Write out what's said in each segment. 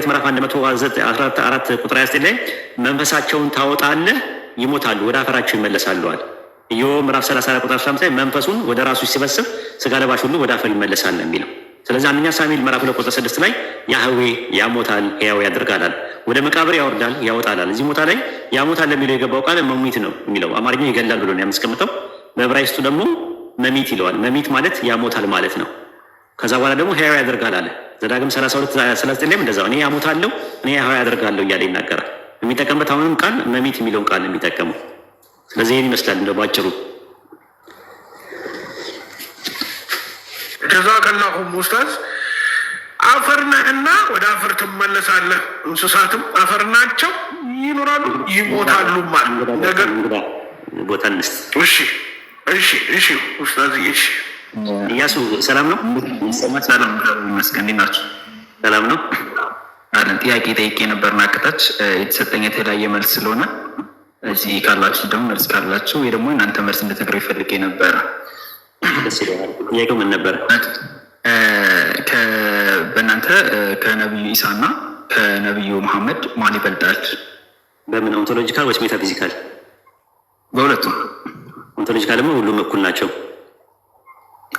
ዘካርያስ ምዕራፍ 114 ቁጥር 29 ላይ መንፈሳቸውን ታወጣለህ፣ ይሞታሉ፣ ወደ አፈራቸው ይመለሳሉዋል። ኢዮብ ምዕራፍ 34 ቁጥር 15 ላይ መንፈሱን ወደ ራሱ ሲሰበስብ ስጋ ለባሽ ሁሉ ወደ አፈር ይመለሳል ነው የሚለው። ስለዚህ አንደኛ ሳሙኤል ምዕራፍ 2 ቁጥር 6 ላይ ያህዌ ያሞታል፣ ያው ያደርጋላል፣ ወደ መቃብር ያወርዳል፣ ያወጣላል። እዚህ ቦታ ላይ ያሞታል ለሚለው የገባው ቃል መሚት ነው የሚለው አማርኛ ይገላል ብሎ ነው ያስቀምጠው። በዕብራይስጡ ደግሞ መሚት ይለዋል። መሚት ማለት ያሞታል ማለት ነው። ከዛ በኋላ ደግሞ ሕያው ያደርጋል አለ። ዘዳግም 32 39 ላይም እንደዛው እኔ ያሞታለሁ እኔ ያህዋ ያደርጋለሁ እያለ ይናገራል። የሚጠቀምበት አሁንም ቃል መሚት የሚለውን ቃል የሚጠቀመው ስለዚህ ይህን ይመስላል እንደው ባጭሩ። ጀዛከላሁም ኡስታዝ አፈርነህና ወደ አፈር ትመለሳለህ። እንስሳትም አፈር ናቸው፣ ይኖራሉ ይሞታሉ። ማለት ነገር ቦታ እሺ፣ እሺ፣ እሺ ኡስታዝ እሺ እያሱ ሰላም ነው? ሰላም ይመስገን። እንዴት ናችሁ? ሰላም ነው አለን። ጥያቄ ጠይቄ ነበር ናቅታች የተሰጠኝ የተለያየ መልስ ስለሆነ እዚህ ካላችሁ ደግሞ መልስ ካላችሁ ወይ ደግሞ እናንተ መልስ እንደተግረው ይፈልግ ነበረ። ጥያቄው ምን ነበረ? በእናንተ ከነብዩ ኢሳ እና ከነብዩ መሐመድ ማን ይበልጣል? በምን ኦንቶሎጂካል ወይስ ሜታፊዚካል? በሁለቱም። ኦንቶሎጂካል ደግሞ ሁሉም እኩል ናቸው።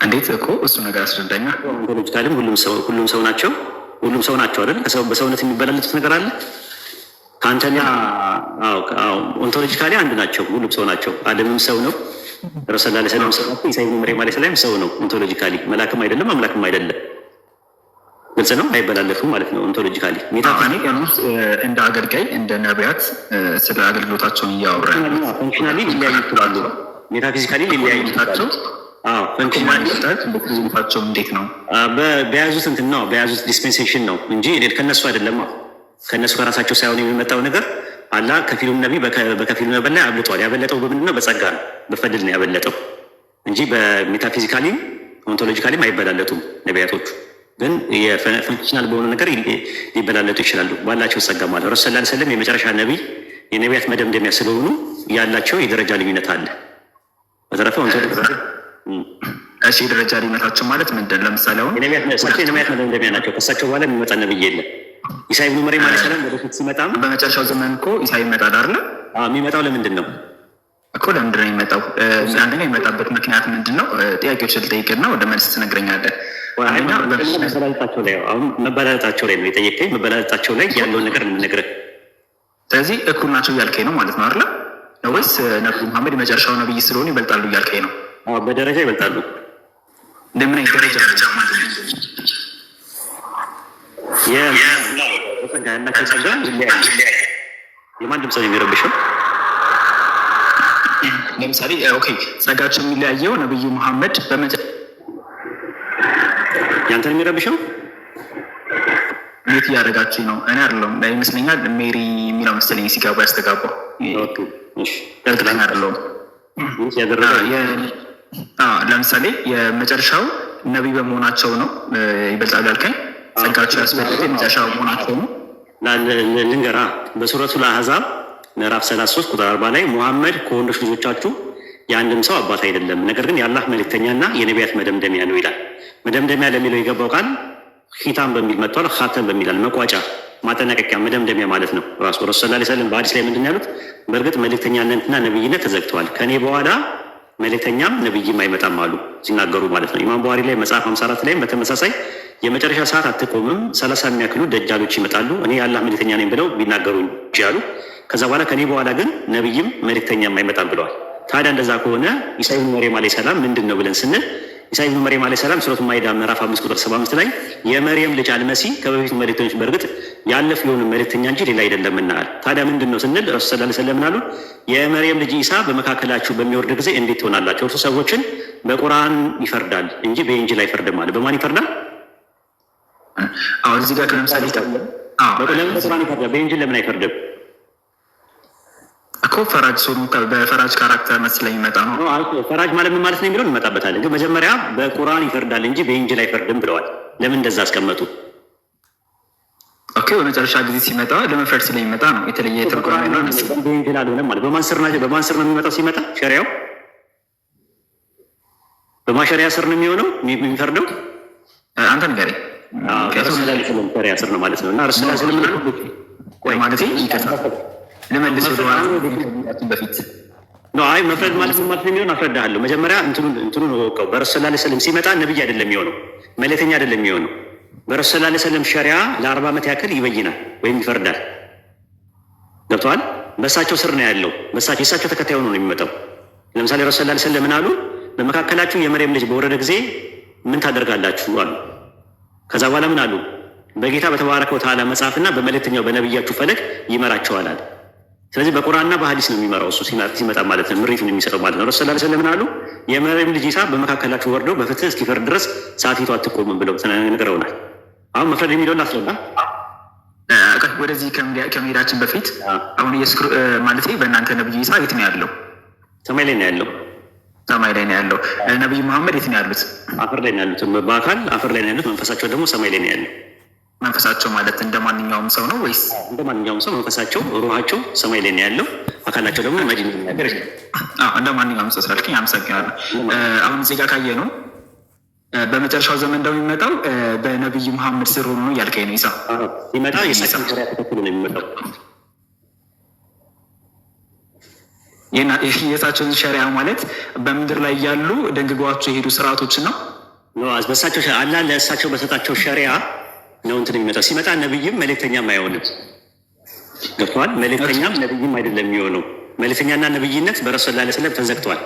እንዴት እኮ እሱ ነገር አስረዳኛ። ፖለቲካልም ሁሉም ሰው ሁሉም ሰው ናቸው ሁሉም ሰው ናቸው አይደል? ከሰው በሰውነት የሚበላለጡት ነገር አለ ከአንተና ኦንቶሎጂካሊ አንድ ናቸው። ሁሉም ሰው ናቸው። አደምም ሰው ነው። ረሱላ ላ ሰላም ሰው ነው። ኢሳ ብን መርየም ሰላም ሰው ነው። ኦንቶሎጂካሊ መላክም አይደለም አምላክም አይደለም። ግልጽ ነው። አይበላለፉም ማለት ነው። ኦንቶሎጂካሊ ሜታኔ እንደ አገልጋይ እንደ ነቢያት ስለ አገልግሎታቸውን እያወራ ፈንክሽናሊ ሊለያዩ ይችላሉ። ሜታፊዚካሊ ሊለያዩ ይችላሉ። ቁማቸው እንዴት ነው? በያዙት እንትን ነው በያዙት ዲስፔንሴሽን ነው እንጂ ከነሱ አይደለም። ከነሱ ከራሳቸው ሳይሆን የሚመጣው ነገር አላ ከፊሉም ነቢ በከፊሉ ነበላ ያብልጠዋል። ያበለጠው በምንድን ነው? በጸጋ ነው፣ በፈድል ነው ያበለጠው እንጂ በሜታፊዚካሊም ኦንቶሎጂካሊም አይበላለጡም። ነቢያቶቹ ግን የፈንክሽናል በሆነ ነገር ሊበላለጡ ይችላሉ፣ ባላቸው ጸጋ ማለት ረሱ ላ ስለም የመጨረሻ ነቢ የነቢያት መደምደሚያ ስለሆኑ ያላቸው የደረጃ ልዩነት አለ። በተረፈ ኦንቶሎጂ እሺ ደረጃ ልዩነታቸው ማለት ምንድን? ለምሳሌ አሁን ነቢያት መደምደሚያ ናቸው። ከሳቸው በኋላ የሚመጣ ነብይ የለም። ኢሳይ ብኑ መርየም አለ ሰላም ወደፊት ሲመጣም በመጨረሻው ዘመን እኮ ኢሳይ ይመጣል አይደለ? የሚመጣው ለምንድን ነው እኮ ለምንድን ነው የሚመጣው? አንደኛ የሚመጣበት ምክንያት ምንድን ነው? ጥያቄዎች ልጠይቅና ወደ መልስ ትነግረኛለህ። መበላለጣቸው ላይ አሁን መበላለጣቸው ላይ ነው የጠየቀኝ። መበላለጣቸው ላይ ያለውን ነገር የምነግርህ። ስለዚህ እኩል ናቸው እያልከኝ ነው ማለት ነው አይደለ? ወይስ ነብዩ መሐመድ የመጨረሻው ነብይ ስለሆኑ ይበልጣሉ እያልከኝ ነው? በደረጃ ይበልጣሉ። እንደምን ደረጃ የጸጋና ከጸጋ የማን ድምፅ ነው የሚረብሸው? ለምሳሌ ኦኬ ጸጋቸው የሚለያየው ነብዩ መሐመድ በመጨ ያንተን የሚረብሸው ቤት እያደረጋችሁ ነው። እኔ አይደለሁም ይመስለኛል ሜሪ የሚለው መሰለኝ ሲጋባ ያስተጋባው ጠርጥለኛ አይደለሁም ያደረገ ለምሳሌ የመጨረሻው ነቢይ በመሆናቸው ነው ይበልጣሉ ያልከኝ፣ ጸጋቸው ያስበልጥ የመጨረሻ መሆናቸው ነው። ልንገራ በሱረቱ አህዛብ ምዕራፍ 33 ቁጥር 40 ላይ ሙሐመድ ከወንዶች ልጆቻችሁ የአንድም ሰው አባት አይደለም፣ ነገር ግን የአላህ መልእክተኛና የነቢያት መደምደሚያ ነው ይላል። መደምደሚያ ለሚለው የገባው ቃል ሂታም በሚል መጥቷል። ሀተም በሚላል መቋጫ፣ ማጠናቀቂያ፣ መደምደሚያ ማለት ነው። ራሱ ረሱ ላ ሰለም በአዲስ ላይ ምንድን ያሉት በእርግጥ መልክተኛነትና ነብይነት ተዘግተዋል ከእኔ በኋላ መልእክተኛም ነብይም አይመጣም አሉ ሲናገሩ ማለት ነው። ኢማም ቡኻሪ ላይ መጽሐፍ 54 ላይም በተመሳሳይ የመጨረሻ ሰዓት አትቆምም፣ ሰላሳ የሚያክሉ ደጃሎች ይመጣሉ እኔ የአላህ መልእክተኛ ነኝ ብለው ቢናገሩ እንጂ አሉ። ከዛ በኋላ ከኔ በኋላ ግን ነብይም መልእክተኛም አይመጣም ብለዋል። ታዲያ እንደዛ ከሆነ ኢሳ ብን መርየም ሰላም ምንድን ነው ብለን ስንል ኢሳይ ብኑ መርየም ዓለይሂ ሰላም ሱረቱ ማይዳ ምዕራፍ 5 ቁጥር 75 ላይ የመርየም ልጅ አልመሲ ከበፊቱ መልእክተኞች በእርግጥ ያለፍ የሆኑ መልእክተኛ እንጂ ሌላ አይደለም እናል። ታዲያ ምንድን ነው ስንል ረሱ ስላ ስለም አሉ የመርየም ልጅ ኢሳ በመካከላችሁ በሚወርድ ጊዜ እንዴት ትሆናላቸው? እርሱ ሰዎችን በቁርአን ይፈርዳል እንጂ በኢንጂል አይፈርድም አለ። በማን ይፈርዳል? አሁን እዚህ ጋር ለምሳሌ በቁርአን ይፈርዳል፣ በኢንጂል ለምን አይፈርድም? ፈራጅ ሰው በፈራጅ ካራክተር መስለ ይመጣ ነው። ፈራጅ ማለት ምን ማለት ነው የሚለው እንመጣበታለን። ግን መጀመሪያ በቁርአን ይፈርዳል እንጂ በኢንጅል አይፈርድም ብለዋል። ለምን እንደዛ አስቀመጡ? ኦኬ በመጨረሻ ጊዜ ሲመጣ ለመፍረድ ስለሚመጣ ነው። የተለየ ትርጉም በኢንጅል አልሆነም ማለት በማን በማንስር ነው የሚመጣው? ሲመጣ ሸሪያው በማሸሪያ ስር ነው የሚሆነው የሚፈርደው አንተ ንገሬ ሸሪያ ስር ነው ማለት ነው እና እርስ ስለምን ማለት ይቀጥላል ልመልስ በፊት አይ መፍረድ ማለት ነው ማለት አፍረዳለሁ። መጀመሪያ እንትኑ ነው ወቀው በረሱል ላ ስለም ሲመጣ ነብይ አይደለም የሚሆነው መለተኛ አይደለም የሚሆነው። በረሱል ላ ስለም ሸሪያ ለአርባ ዓመት ያክል ይበይናል ወይም ይፈርዳል። ገብተዋል። በእሳቸው ስር ነው ያለው። በእሳቸው የእሳቸው ተከታይ ሆኖ ነው የሚመጣው። ለምሳሌ ረሱል ላ ስለም ምን አሉ? በመካከላችሁ የመርየም ልጅ በወረደ ጊዜ ምን ታደርጋላችሁ አሉ። ከዛ በኋላ ምን አሉ? በጌታ በተባረከው ተዓላ መጽሐፍና በመለተኛው በነብያችሁ ፈለግ ይመራቸዋል አለ ስለዚህ በቁርአንና በሀዲስ ነው የሚመራው እሱ ሲመጣ ማለት ነው፣ ምሪት ነው የሚሰጠው ማለት ነው። ረሱ ላ ስለምን አሉ የመሪም ልጅ ሳ በመካከላችሁ ወርደው በፍትህ እስኪፈርድ ድረስ ሰዓቲቱ አትቆምም ብለው ተነግረውናል። አሁን መፍረድ የሚለውን አስረዳ ወደዚህ ከመሄዳችን በፊት አሁን ማለት በእናንተ ነብይ ሳ የት ነው ያለው? ሰማይ ላይ ነው ያለው። ሰማይ ላይ ነው ያለው። ነብይ መሐመድ የት ነው ያሉት? አፈር ላይ ነው ያሉት። በአካል አፈር ላይ ነው ያሉት። መንፈሳቸው ደግሞ ሰማይ ላይ ነው ያለው። መንፈሳቸው ማለት እንደ ማንኛውም ሰው ነው ወይስ? እንደ ማንኛውም ሰው መንፈሳቸው፣ ሩሃቸው ሰማይ ላይ ነው ያለው፣ አካላቸው ደግሞ መዲን ነገር እንደ ማንኛውም ሰው ስላልከኝ አመሰግናለሁ። አሁን እዚህ ጋር ካየ ነው በመጨረሻው ዘመን እንደሚመጣው በነቢዩ መሐመድ ስር ሆኖ ነው እያልከኝ ነው። ይሳ ይመጣ የሰቀም ዙሪያ ተከትሎ ነው የሚመጣው የእሳቸውን ሸሪያ ማለት በምድር ላይ ያሉ ደንግጓቸው የሄዱ ስርዓቶችን ነው በሳቸው አላ ለእሳቸው በሰጣቸው ሸሪያ ነው እንትን የሚመጣው። ሲመጣ ነብይም መልእክተኛም አይሆንም። ገብተዋል። መልእክተኛም ነብይም አይደለም የሚሆነው። መልእክተኛና ነብይነት በረሱል ላ ስለም ተዘግተዋል።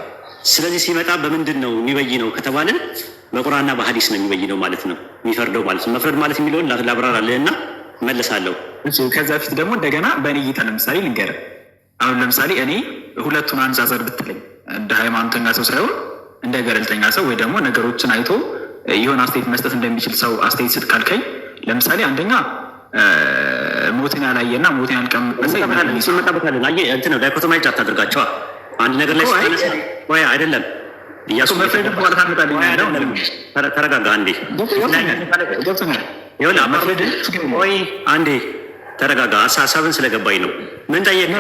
ስለዚህ ሲመጣ በምንድን ነው ነው ከተባለ በቁርአንና በሀዲስ ነው ነው ማለት ነው፣ የሚፈርደው ማለት ነው። መፍረድ ማለት የሚለውን ላብራራልህ እና መለሳለሁ። ከዛ በፊት ደግሞ እንደገና በእኔ እይታ ለምሳሌ ልንገርህ። አሁን ለምሳሌ እኔ ሁለቱን አነጻጸር ብትለኝ እንደ ሃይማኖተኛ ሰው ሳይሆን እንደ ገለልተኛ ሰው ወይ ደግሞ ነገሮችን አይቶ የሆነ አስተያየት መስጠት እንደሚችል ሰው አስተያየት ስጥ ካልከኝ ለምሳሌ አንደኛ ሞትን ያላየና ሞትን ያልቀመሰመጣበታለን አየህ እንትን ነው ዳይኮቶማይዝ አታደርጋቸዋ አንድ ነገር ላይ ስታነሳ ወይ አይደለም ተረጋጋ አንዴ ወይ አንዴ ተረጋጋ። አሳሳብን ስለገባኝ ነው። ምን ጠየቅህ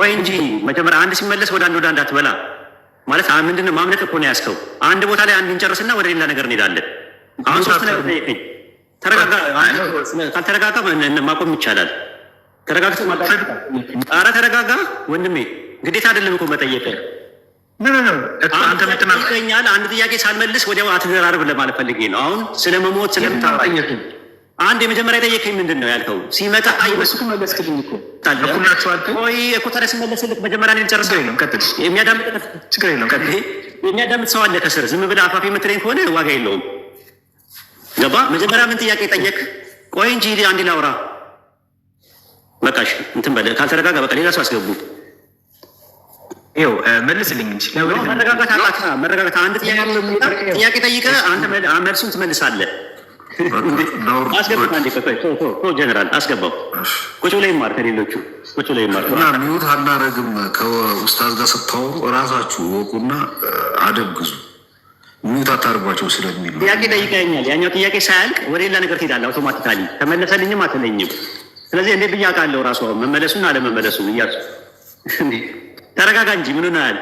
ወይ እንጂ መጀመሪያ አንድ ሲመለስ ወደ አንድ ወደ አንድ አትበላ ማለት ምንድን ነው? ማምለጥ እኮ ነው ያዝከው። አንድ ቦታ ላይ አንድ እንጨርስና ወደ ሌላ ነገር እንሄዳለን። አሁን ሶስት ነገር ጠየቀኝ ካልተረጋጋ ማቆም ይቻላል። ተረጋግቶ ተረጋጋ ወንድሜ፣ ግዴታ አይደለም እኮ መጠየቅ። ይገኛል አንድ ጥያቄ ሳልመልስ ወዲያው አትደራርብ ለማለት ፈልጌ ነው። አሁን ስለ መሞት አንድ የመጀመሪያ የጠየቀኝ ምንድን ነው ያልከው? ሲመጣ መለስክልኝ እኮ ታዲያ መጀመሪያ ጨርሰው የሚያዳምጥ ሰው አለ ከስር። ዝም ብለህ አፋፊ የምትለኝ ከሆነ ዋጋ የለውም። ገባ። መጀመሪያ ምን ጥያቄ ጠየቅ? ቆይ እንጂ አንድ ላውራ። በቃሽ እንትን በለ ካልተረጋጋ፣ በቃ ሌላ ሰው አስገቡ። ይኸው መልስልኝ እንጂ መረጋጋት አላት። መረጋጋት አንድ ጥያቄ ጠይቀህ አንተ መልሱን ትመልሳለህ። አስገባ አንዴ፣ ጀነራል አስገባው። ቁጭ ብለህ ይማር፣ ከሌሎቹ ቁጭ ብለህ ይማር። እና ሚዩት አናረግም። ከኡስታዝ ጋር ስታወሩ እራሳችሁ ወቁና አደብ ግዙ። ሙት አታርጓቸው ስለሚሉ ጥያቄ ጠይቀኛል። ያኛው ጥያቄ ሳያልቅ ወደ ሌላ ነገር ትሄዳለህ አውቶማቲካሊ። ተመለሰልኝም አትለኝም። ስለዚህ እንዴት ብዬ አውቃለሁ ራሱ አሁን መመለሱን አለመመለሱን እያ ተረጋጋ እንጂ ምን ሆነሃል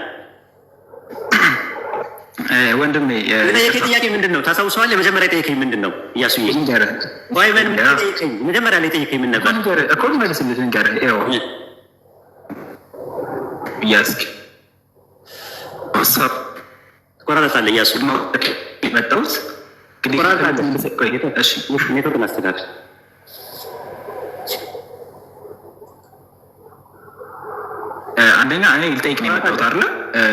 ወንድሜ? የጠየቀኝ ጥያቄ ምንድን ነው ታስታውሰዋል? የመጀመሪያ የጠየቀኝ ምንድን ነው እያሱ ይይመን መጀመሪያ ላይ ጠየቀኝ ምን ነበር እኮ መልስልህ ንገረህ እያስክ ሀሳብ ቆራረጥ አለ መጣሁት እሺ ኔትወርክ እናስተካክል። አንደኛ እኔ ልጠይቅ ነው የመጣሁት አለ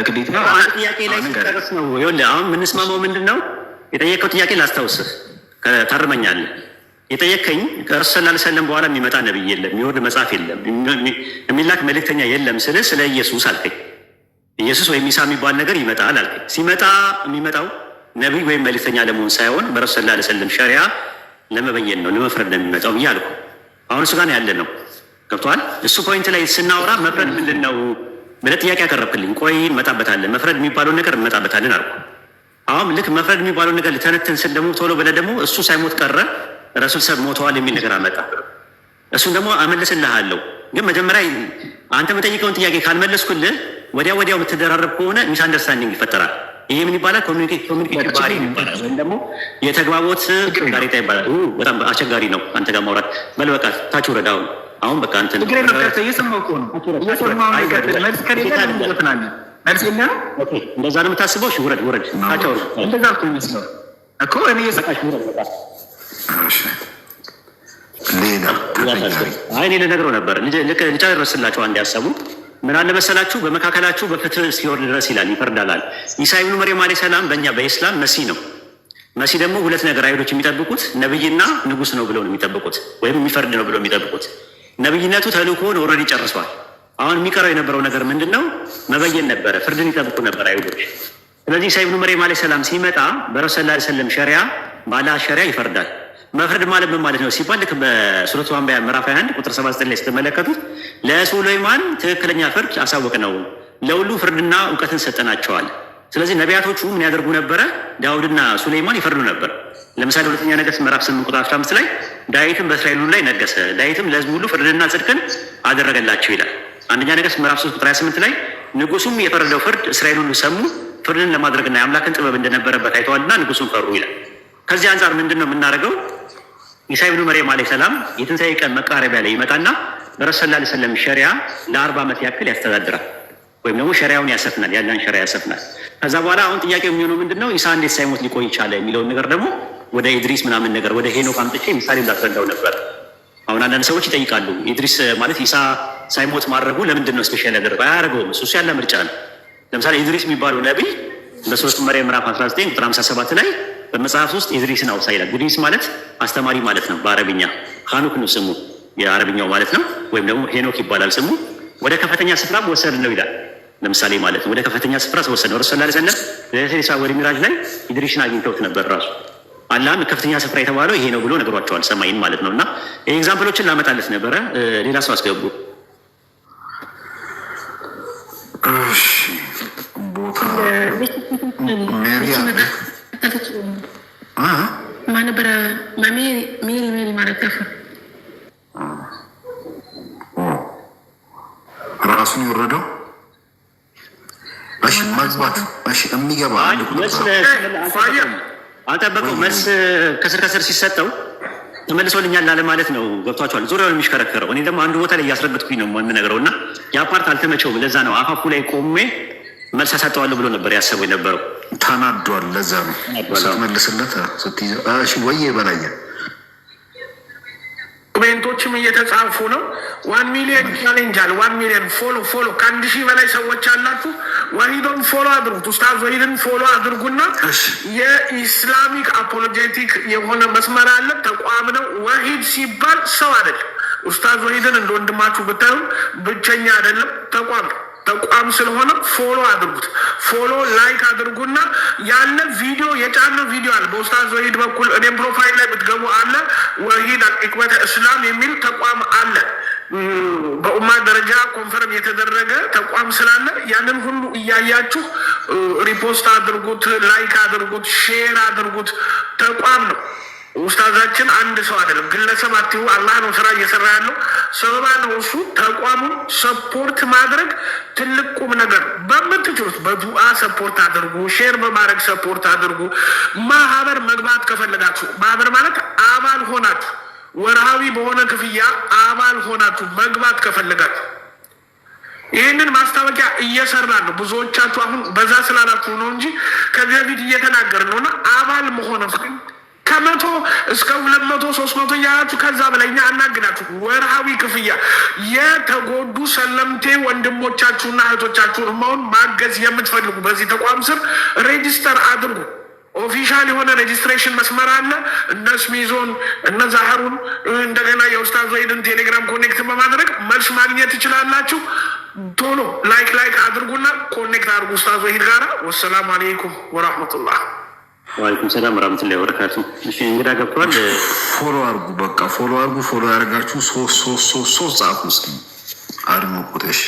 ግዴታ ጥያቄ ላይ ሲጠረስ ነው። ይኸውልህ አሁን የምንስማማው ምንድን ነው? የጠየቀው ጥያቄ ላስታውስህ፣ ታርመኛለህ። የጠየቀኝ ከእርሱ ሰለም በኋላ የሚመጣ ነብይ የለም፣ የሚወርድ መጽሐፍ የለም፣ የሚላክ መልእክተኛ የለም ስልህ ስለ ኢየሱስ አልከኝ። ኢየሱስ ወይም ኢሳ የሚባል ነገር ይመጣል አለ። ሲመጣ የሚመጣው ነቢይ ወይም መልእክተኛ ለመሆን ሳይሆን በረሱ ላ ስለም ሸሪያ ለመበየን ነው ለመፍረድ ነው የሚመጣው ብዬ አልኩ። አሁን እሱ ጋር ያለ ነው ገብተዋል። እሱ ፖይንት ላይ ስናወራ መፍረድ ምንድን ነው ብለህ ጥያቄ ያቀረብክልኝ፣ ቆይ እንመጣበታለን። መፍረድ የሚባለውን ነገር እንመጣበታለን አልኩ። አሁን ልክ መፍረድ የሚባለውን ነገር ልተነትን ስል ደግሞ ቶሎ ብለህ ደግሞ እሱ ሳይሞት ቀረ ረሱል ሰብ ሞተዋል የሚል ነገር አመጣ። እሱን ደግሞ አመልስልሃለሁ፣ ግን መጀመሪያ አንተ መጠይቀውን ጥያቄ ካልመለስኩልህ ወዲያ ወዲያው የምትደራረብ ከሆነ ሚስ አንደርስታንዲንግ ይፈጠራል። ይሄ ምን ይባላል? ኮሚኒኬት ባህሪ ይባላል፣ ወይም ደግሞ የተግባቦት ጋሬጣ ይባላል። በጣም አስቸጋሪ ነው አንተ ጋር ማውራት። በል በቃ ታች ወረድ አሁን አሁን በቃ አንተ ነው እንደዛ ነው የምታስበው። ውረድ ውረድ፣ ታች አውርድ። እንደዛ እኮ እኔ የሰቃሽ ውረድ በቃ ሌላ አይ እኔ ልነግረው ነበር ልጨርስላቸው አንድ ያሰቡ ምን አለ መሰላችሁ በመካከላችሁ በፍትህ እስኪወርድ ድረስ ይላል ይፈርዳላል። ኢሳ ብኑ መርየም አለ ሰላም በእኛ በኢስላም መሲ ነው። መሲ ደግሞ ሁለት ነገር አይሁዶች የሚጠብቁት ነብይና ንጉስ ነው ብለው ነው የሚጠብቁት፣ ወይም የሚፈርድ ነው ብለው የሚጠብቁት። ነብይነቱ ተልእኮውን ኦልሬዲ ጨርሷል። አሁን የሚቀረው የነበረው ነገር ምንድን ነው? መበየን ነበረ። ፍርድን ይጠብቁ ነበር አይሁዶች። ስለዚህ ኢሳ ብኑ መርየም አለ ሰላም ሲመጣ በረሱል ሰለላሁ ዐለይሂ ወሰለም ሸሪያ ባላ ሸሪያ ይፈርዳል። መፍረድ ማለት ምን ማለት ነው ሲባል ልክ በሱረቱ አንቢያ ምዕራፍ 21 ቁጥር 79 ላይ ስትመለከቱት ለሱለይማን ትክክለኛ ፍርድ አሳወቅ ነው ለሁሉ ፍርድና እውቀትን ሰጠናቸዋል። ስለዚህ ነቢያቶቹ ምን ያደርጉ ነበረ? ዳውድና ሱሌይማን ይፈርዱ ነበር። ለምሳሌ ሁለተኛ ነገሥት ምዕራፍ 8 ቁጥር 15 ላይ ዳዊትም በእስራኤል ሁሉ ላይ ነገሰ፣ ዳዊትም ለህዝቡ ሁሉ ፍርድና ጽድቅን አደረገላቸው ይላል። አንደኛ ነገሥት ምዕራፍ 3 ቁጥር 28 ላይ ንጉሱም የፈረደው ፍርድ እስራኤል ሁሉ ሰሙ፣ ፍርድን ለማድረግና የአምላክን ጥበብ እንደነበረበት አይተዋልና ንጉሱን ፈሩ ይላል። ከዚህ አንጻር ምንድን ነው የምናደርገው? ኢሳ ብኑ መርየም አለ ሰላም የትንሳኤ ቀን መቃረቢያ ላይ ይመጣና በረሱ ሰለላሁ ዐለይሂ ወሰለም ሸሪያ ለአርባ ዓመት ያክል ያስተዳድራል ወይም ደግሞ ሸሪያውን ያሰፍናል፣ ያለን ሸሪያ ያሰፍናል። ከዛ በኋላ አሁን ጥያቄ የሚሆነው ምንድን ነው? ኢሳ እንዴት ሳይሞት ሊቆይ ይቻለ የሚለውን ነገር ደግሞ ወደ ኢድሪስ ምናምን ነገር ወደ ሄኖክ አምጥቼ ምሳሌ እንዳስረዳው ነበር። አሁን አንዳንድ ሰዎች ይጠይቃሉ፣ ኢድሪስ ማለት ኢሳ ሳይሞት ማድረጉ ለምንድን ነው ስፔሻል ያደረገው? አያደርገውም። እሱ ያለ ምርጫ ነው። ለምሳሌ ኢድሪስ የሚባለው ነቢይ በሶስት መርየም ምዕራፍ 19 ቁጥር 57 ላይ በመጽሐፍ ውስጥ ኢድሪስን አውሳ ይላል። ኢድሪስ ማለት አስተማሪ ማለት ነው በአረብኛ ሀኑክ ነው ስሙ የአረብኛው ማለት ነው። ወይም ደግሞ ሄኖክ ይባላል ስሙ። ወደ ከፍተኛ ስፍራ ወሰድ ነው ይላል ለምሳሌ ማለት ነው። ወደ ከፍተኛ ስፍራ ወሰድ ነው። ረሱላ ሰለም ለሌሊት ወደ ሚራጅ ላይ ኢድሪስን አግኝተውት ነበር። ራሱ አላህም ከፍተኛ ስፍራ የተባለው ይሄ ነው ብሎ ነግሯቸዋል፣ ሰማይን ማለት ነው። እና ኤግዛምፕሎችን ላመጣለት ነበረ። ሌላ ሰው አስገቡ። ቦታ አታውቂውም? ማን ሜል ሜል ማለት ጠፋ። ራሱን የወረደው እሺ፣ ማግባት እሺ፣ የሚገባ አልጠበቀው መልስ ከስር ከስር ሲሰጠው ተመልሶልኛል ላለ ማለት ነው። ገብቷቸዋል። ዙሪያውን የሚሽከረከረው እኔ ደግሞ አንዱ ቦታ ላይ እያስረግጥኩኝ ነው የምነግረው እና የአፓርት አልተመቸውም። ለዛ ነው አፋፉ ላይ ቆሜ መልስ ያሳጠዋለሁ ብሎ ነበር ያሰበው የነበረው። ተናዷል። ለዛ ነው ስትመልስለት ስትይዘው ወይዬ በላየ ኮሜንቶችም እየተጻፉ ነው። ዋን ሚሊዮን ቻሌንጅ አለ። ዋን ሚሊዮን ፎሎ ፎሎ ከአንድ ሺህ በላይ ሰዎች አላችሁ። ወሂዶን ፎሎ አድርጉት። ኡስታዝ ወሂድን ፎሎ አድርጉና የኢስላሚክ አፖሎጀቲክ የሆነ መስመር አለ ተቋም ነው። ወሂድ ሲባል ሰው አይደለም። ኡስታዝ ወሂድን እንደ ወንድማችሁ ብታዩ ብቸኛ አይደለም፣ ተቋም ነው። ተቋም ስለሆነ ፎሎ አድርጉት። ፎሎ ላይክ አድርጉና ያለ ቪዲዮ የጫነው ቪዲዮ አለ በኡስታዝ ወሂድ በኩል እኔም ፕሮፋይል ላይ ብትገቡ አለ ወሂድ ኢክመተ እስላም የሚል ተቋም አለ። በኡማ ደረጃ ኮንፈረም የተደረገ ተቋም ስላለ ያንን ሁሉ እያያችሁ ሪፖስት አድርጉት፣ ላይክ አድርጉት፣ ሼር አድርጉት። ተቋም ነው። ኡስታዛችን አንድ ሰው አይደለም፣ ግለሰብ አትሁ አላህ ነው ስራ እየሰራ ያለው ሰበባ ነው። እሱ ተቋሙን ሰፖርት ማድረግ ትልቅ ቁም ነገር በምትችሉት በዱ ሰፖርት አድርጉ፣ ሼር በማድረግ ሰፖርት አድርጉ። ማህበር መግባት ከፈለጋችሁ ማህበር ማለት አባል ሆናችሁ ወርሃዊ በሆነ ክፍያ አባል ሆናችሁ መግባት ከፈለጋችሁ ይህንን ማስታወቂያ እየሰራ ነው። ብዙዎቻችሁ አሁን በዛ ስላላችሁ ነው እንጂ ከዚህ በፊት እየተናገር ነውና አባል መሆን ከመቶ እስከ ሁለት መቶ ሶስት መቶ እያላችሁ ከዛ በላይ እኛ አናግዳችሁ ወርሃዊ ክፍያ የተጎዱ ሰለምቴ ወንድሞቻችሁና እህቶቻችሁን እማውን ማገዝ የምትፈልጉ በዚህ ተቋም ስር ሬጂስተር አድርጉ። ኦፊሻል የሆነ ሬጂስትሬሽን መስመር አለ። እነ ስሚዞን እነ ዛህሩን እንደገና የኡስታዝ ዘይድን ቴሌግራም ኮኔክት በማድረግ መልስ ማግኘት ትችላላችሁ። ቶሎ ላይክ ላይክ አድርጉና ኮኔክት አድርጉ ኡስታዝ ዘይድ ጋራ። ወሰላሙ አሌይኩም ወራህመቱላህ ዋሌኩም ሰላም ወራህመቱላሂ ወበረካቱ። እሺ እንግዳ ገብተዋል። ፎሎ አርጉ፣ በቃ ፎሎ አርጉ። ፎሎ ያደርጋችሁ ሶስት ሶስት ሶስት ሶስት ጻፉ። እስኪ አድምቁተሽ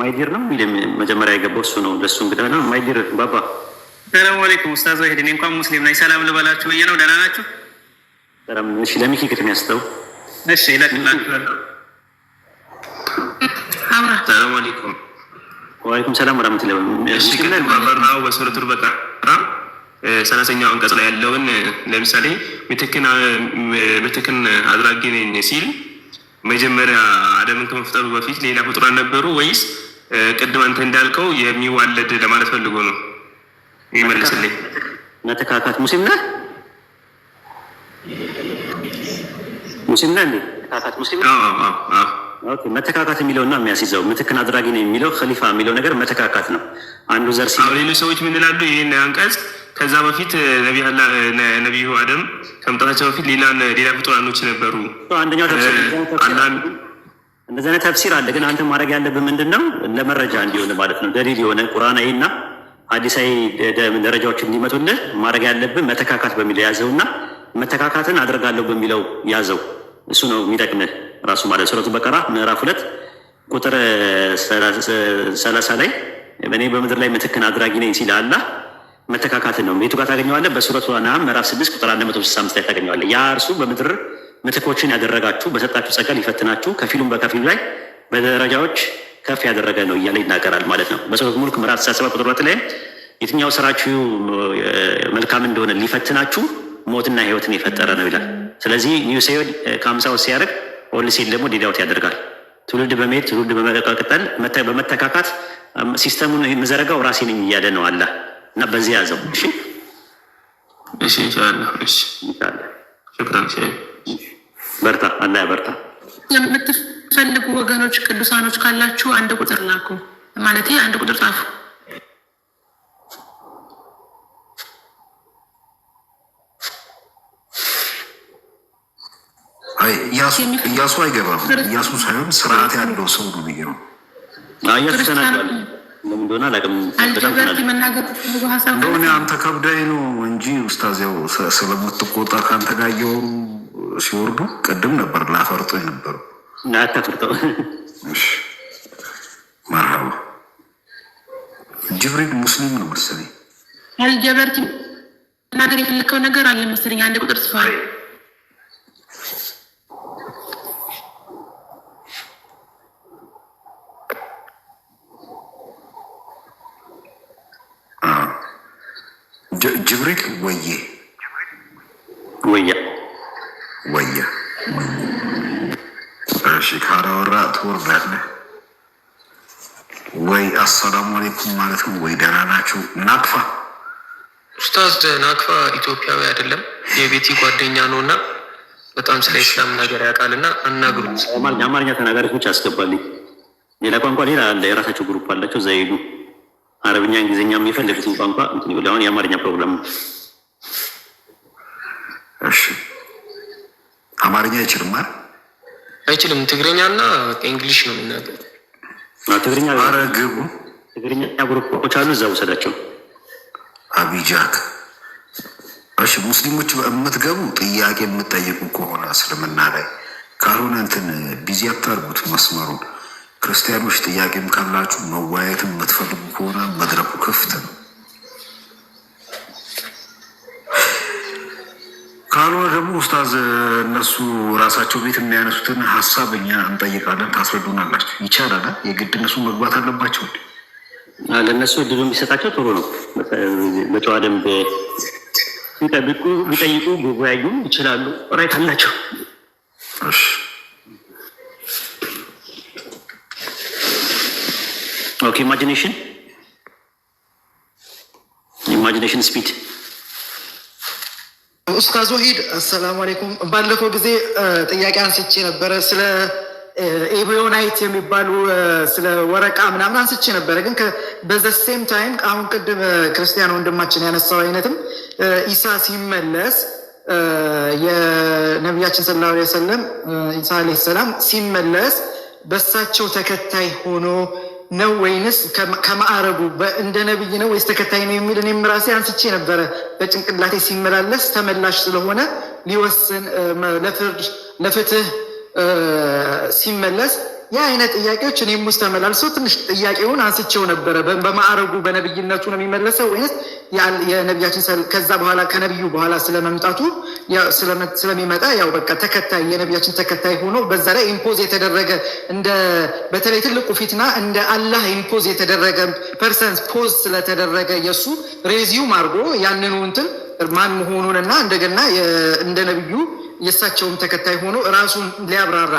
ማይዲር ነው እንደ መጀመሪያ የገባው እሱ ነው። ለሱ እንግዳ ነው ማይዲር ባባ። ሰላም አለይኩም ኡስታዝ ወሂድ። እኔ እንኳን ሙስሊም ነኝ ሰላም ልበላችሁ ብዬ ነው። ደህና ናችሁ? ሰላም። እሺ ለሚኪ ግጥም ያስተው። እሺ ይለቅላችሁ። ሰላም አለይኩም ወአለይኩም ሰላም ወራህመቱላሂ ወበረካቱ። ወበረካቱህ። በሱረቱል በቀራ ሰላሰኛው አንቀጽ ላይ ያለውን ለምሳሌ ምትክን አድራጊ ነኝ ሲል መጀመሪያ አደምን ከመፍጠሩ በፊት ሌላ ፍጡራን ነበሩ ወይስ ቅድም አንተ እንዳልከው የሚዋለድ ለማለት ፈልጎ ነው? ይመልስልኝ። መተካካት ሙስሊም ነህ? ሙስሊም ነህ እንዴ? መተካካት ሙስሊም መተካካት የሚለው የሚለውና የሚያስይዘው ምትክን አድራጊ ነው የሚለው ከሊፋ የሚለው ነገር መተካካት ነው። አንዱ ዘር ሲ ሌሎች ሰዎች ምን ይላሉ? ይህን አንቀጽ ከዛ በፊት ነቢዩ አደም ከመምጣታቸው በፊት ሌላ ሌላ ፍጡራኖች ነበሩ። አንደኛው እንደዚህ አይነት ተፍሲር አለ። ግን አንተ ማድረግ ያለብህ ምንድን ነው? ለመረጃ እንዲሆን ማለት ነው። ደሊል የሆነ ቁርአናዊ እና ሐዲሳዊ ደረጃዎች እንዲመጡልህ ማድረግ ያለብህ መተካካት በሚለው ያዘው እና መተካካትን አድርጋለሁ በሚለው ያዘው። እሱ ነው የሚጠቅምህ። ራሱ ማለት ሱረቱ በቀራ ምዕራፍ ሁለት ቁጥር ሰላሳ ላይ እኔ በምድር ላይ ምትክን አድራጊ ነኝ ሲል አላ መተካካት ነው። የቱ ጋር ታገኘዋለ? በሱረቱ አንዓም ምዕራፍ ስድስት ቁጥር አንድ መቶ ስልሳ አምስት ላይ ታገኘዋለ። ያ እርሱ በምድር ምትኮችን ያደረጋችሁ በሰጣችሁ ጸጋ ሊፈትናችሁ ከፊሉም በከፊሉ ላይ በደረጃዎች ከፍ ያደረገ ነው እያለ ይናገራል ማለት ነው። በሱረቱ ሙልክ ምዕራፍ ስልሳ ሰባት ቁጥር ሁለት ላይ የትኛው ስራችሁ መልካም እንደሆነ ሊፈትናችሁ ሞትና ህይወትን የፈጠረ ነው ይላል። ስለዚህ ኒው ከአምሳ ከአምሳው ሲያደርግ ፖሊሲን ደግሞ ዲዳውት ያደርጋል። ትውልድ በመሄድ ትውልድ በመቀጠል በመተካካት ሲስተሙን የምዘረጋው ራሴን ነኝ እያለ ነው አለ እና በዚህ ያዘው። እሺ እሺ፣ ኢንሻላህ በርታ፣ አላህ በርታ። የምትፈልጉ ወገኖች ቅዱሳኖች ካላችሁ አንድ ቁጥር ላኩ፣ ማለት አንድ ቁጥር ጻፉ። እያሱ አይገባም። እያሱ ሳይሆን ስርዓት ያለው ሰው ነው ብዬ ነው። እንደሆነ አንተ ከብዳይ ነው እንጂ ኡስታዝ ያው ስለምትቆጣ ከአንተ ጋር እየወሩ ሲወርዱ ቅድም ነበር ላፈርጦ ነበሩ ተፍርጠው መርሃባ ጅብሪል ሙስሊም ነው መሰለኝ። አልጀበርቲ ናገር የፈለከው ነገር አለ መሰለኝ አንድ ቁጥር ስፋ ጅብሪል ወየ ወያ ወያ። እሺ ካላወራ ትወርዳለህ። ወይ አሰላሙ አለይኩም ማለት ነው። ወይ ደህና ናችሁ። ናቅፋ ኡስታዝ ናቅፋ ኢትዮጵያዊ አይደለም የቤቲ ጓደኛ ነው እና በጣም ስለ ኢስላም ነገር ያውቃል እና አናግሩት። የአማርኛ ተናጋሪዎች አስገባልኝ። ሌላ ቋንቋ ሌላ አለ። የራሳቸው ግሩፕ አላቸው። ዘይዱ አረብኛ፣ እንግሊዝኛ የፈለጉትን ቋንቋ እንትን ይበል። አሁን የአማርኛ ፕሮግራም እሺ። አማርኛ አይችልም አይደል? አይችልም። ትግርኛ እና እንግሊሽ ነው የሚናገር። ትግርኛ አረግቡ ትግርኛ ግሩፖች አሉ፣ እዛ ውሰዳቸው። አቢጃክ እሺ። ሙስሊሞች የምትገቡ ጥያቄ የምትጠይቁ ከሆነ እስልምና ላይ ካልሆነ እንትን ቢዚ አታርጉት መስመሩን ክርስቲያኖች ጥያቄም ካላችሁ መወያየትም የምትፈልጉ ከሆነ መድረኩ ክፍት ነው። ካልሆነ ደግሞ ኡስታዝ እነሱ ራሳቸው ቤት የሚያነሱትን ሀሳብ እኛ እንጠይቃለን፣ ታስረዱናላችሁ። ይቻላል። የግድ እነሱ መግባት አለባቸው። ለእነሱ ድሉ የሚሰጣቸው ጥሩ ነው። በጨዋ ደንብ ቢጠይቁ ቢወያዩ ይችላሉ። ራይት አላቸው። ኦኬ ኢማጂኔሽን ኢማጂኔሽን ስፒድ ኡስታዝ ወሂድ አሰላሙ አሌይኩም። ባለፈው ጊዜ ጥያቄ አንስቼ ነበረ ስለ ኤቦናይት የሚባሉ ስለ ወረቃ ምናምን አንስቼ ነበረ። ግን በዘ ሴም ታይም አሁን ቅድም ክርስቲያን ወንድማችን ያነሳው አይነትም ኢሳ ሲመለስ የነቢያችን ስላ ሰለም ኢሳ አለ ሰላም ሲመለስ በእሳቸው ተከታይ ሆኖ ነው ወይንስ ከማዕረጉ እንደ ነብይ ነው ወይስ ተከታይ ነው የሚል እኔም ራሴ አንስቼ ነበረ። በጭንቅላቴ ሲመላለስ ተመላሽ ስለሆነ ሊወስን ለፍርድ ለፍትህ ሲመለስ ያ አይነት ጥያቄዎች እኔም ውስጥ ተመላልሶ ትንሽ ጥያቄውን አንስቼው ነበረ። በማዕረጉ በነብይነቱ ነው የሚመለሰው ወይስ የነቢያችን ከዛ በኋላ ከነቢዩ በኋላ ስለመምጣቱ ስለሚመጣ ያው በቃ ተከታይ የነቢያችን ተከታይ ሆኖ በዛ ላይ ኢምፖዝ የተደረገ እንደ በተለይ ትልቁ ፊትና እንደ አላህ ኢምፖዝ የተደረገ ፐርሰንስ ፖዝ ስለተደረገ የእሱ ሬዚዩም አድርጎ ያንኑ እንትን ማን መሆኑን እና እንደገና እንደ ነቢዩ የእሳቸውም ተከታይ ሆኖ ራሱን ሊያብራራ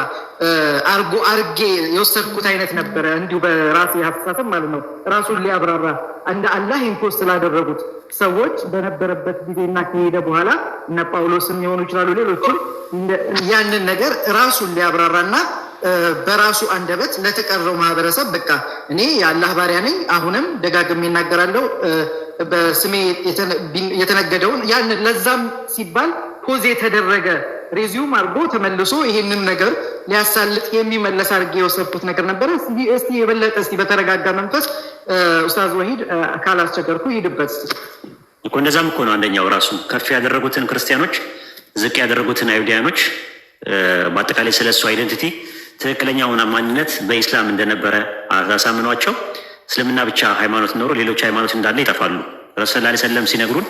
አርጎ አርጌ የወሰድኩት አይነት ነበረ። እንዲሁ በራሴ ሀሳትም ማለት ነው። ራሱን ሊያብራራ እንደ አላህ ኢምፖስት ስላደረጉት ሰዎች በነበረበት ጊዜና ከሄደ በኋላ እነ ጳውሎስም የሆኑ ይችላሉ። ሌሎችም ያንን ነገር ራሱን ሊያብራራ ሊያብራራና በራሱ አንደበት ለተቀረው ማህበረሰብ በቃ እኔ የአላህ ባሪያ ነኝ፣ አሁንም ደጋግሜ እናገራለሁ፣ በስሜ የተነገደውን ያንን ለዛም ሲባል ፖዝ የተደረገ ሬዚዩም አድርጎ ተመልሶ ይሄንን ነገር ሊያሳልጥ የሚመለስ አድርጌ የወሰድኩት ነገር ነበረ። እስቲ የበለጠ እስቲ በተረጋጋ መንፈስ ኡስታዝ ወሂድ ካላስቸገርኩ ሂድበት እኮ እንደዛም እኮ ነው። አንደኛው ራሱ ከፍ ያደረጉትን ክርስቲያኖች ዝቅ ያደረጉትን አይሁዳያኖች በአጠቃላይ ስለ እሱ አይደንቲቲ ትክክለኛውን ማንነት በኢስላም እንደነበረ አሳምኗቸው እስልምና ብቻ ሃይማኖት ኖሮ ሌሎች ሃይማኖት እንዳለ ይጠፋሉ። ላ ሰለም ሲነግሩን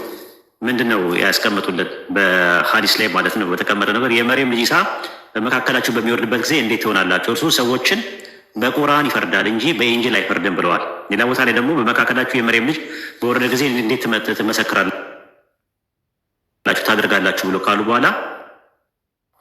ምንድን ነው ያስቀመጡልን በሀዲስ ላይ ማለት ነው በተቀመጠ ነገር የመሬም ልጅ ኢሳ በመካከላቸው በሚወርድበት ጊዜ እንዴት ትሆናላቸው? እርሱ ሰዎችን በቁርአን ይፈርዳል እንጂ በኢንጅል አይፈርድም ብለዋል። ሌላ ቦታ ላይ ደግሞ በመካከላችሁ የመሬም ልጅ በወረደ ጊዜ እንዴት ትመሰክራላችሁ ታደርጋላችሁ ብሎ ካሉ በኋላ